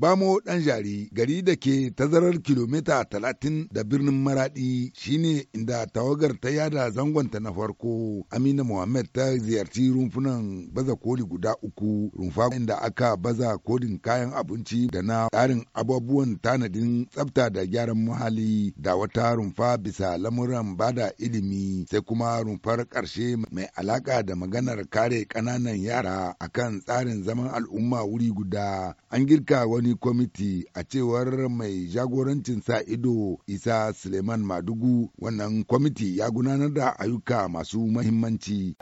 Bamo ɗan jari gari da ke tazarar kilomita talatin da birnin Maraɗi shine inda tawagar ta yada zangonta na farko Amina muhammed ta ziyarci rumfunan baza koli guda uku rumfa inda aka baza kodin kayan abinci da na tsarin abubuwan tanadin tsafta da gyaran muhalli da wata rumfa bisa lamuran bada ilimi sai kuma rumfar ƙarshe mai alaka da maganar kare ƙananan yara akan tsarin zaman al'umma wuri guda an girka wani Ilimi kwamiti a cewar mai jagorancin sa ido isa suleiman madugu wannan kwamiti ya gudanar da ayyuka masu mahimmanci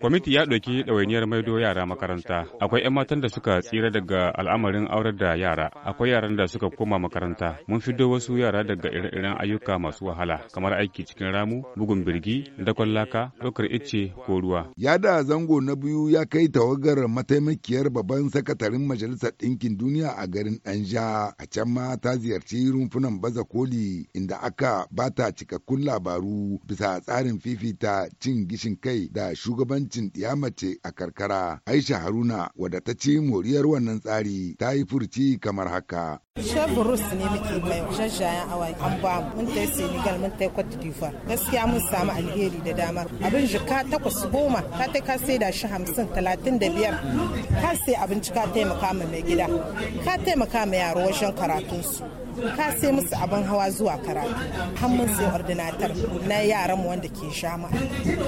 kwamiti ya ɗauki ɗawainiyar maido yara makaranta akwai 'yan matan da suka tsira daga al'amarin aurar da yara akwai yaran da suka koma makaranta mun fido wasu yara daga ire-iren ayyuka masu wahala kamar aiki cikin ramu bugun birgi dakon laka ɗaukar icce ko ruwa yada zango na biyu ya kai tawagar mataimakiyar babban sakatarin majalisar ɗinkin duniya duniya a garin Danja a can ma ta ziyarci rumfunan baza koli inda aka ba ta cikakkun labaru bisa tsarin fifita cin gishin kai da shugabancin mace a karkara. Aisha Haruna wadda ta ci moriyar wannan tsari ta yi furci kamar haka. Chevrus ne muke kai jajjayen awa an ba mu. Mun tai Senegal mun tai Cote d'Ivoire. Gaskiya mun samu alheri da dama. Abin jika takwas goma ta tai ka sai da shi hamsin talatin da biyar. Ka sai abinci ka taimaka ma mai gida. Ka taimaka ma yaro wajen karatunsu. ka sai musu abin hawa zuwa karatu. Har mun sai ordinatar na mu wanda ke shama.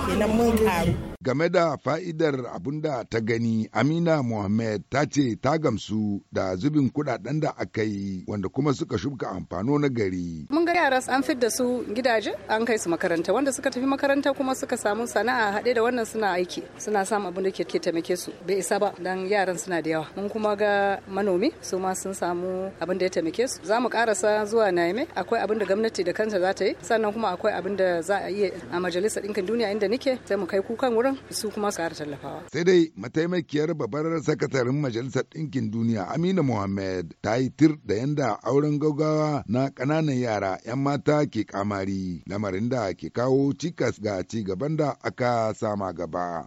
Kenan mun karu. game da fa'idar abin da ta gani amina mohammed ta ce ta gamsu da zubin kudaden da aka yi wanda kuma suka shuka amfano na gari mun ga yara an fidda su gidaje an kai su makaranta wanda suka tafi makaranta kuma suka samu sana'a haɗe da wannan suna aiki suna samun abin da ke taimake su bai isa ba dan yaran suna da yawa mun kuma ga manomi su ma sun samu abin da ya taimake su za mu karasa zuwa naime akwai abin da gwamnati da kanta za ta yi sannan kuma akwai abin da za a iya a majalisar ɗinkin duniya inda nike sai mu kai kukan wurin su kuma su tallafawa. Sai dai mataimakiyar babbar sakataren Majalisar Ɗinkin Duniya Amina Mohammed ta yi tir da yanda auren gaugawa na ƙananan yara 'yan mata ke kamari lamarin da ke kawo cikas ga ci gaban da aka sama gaba.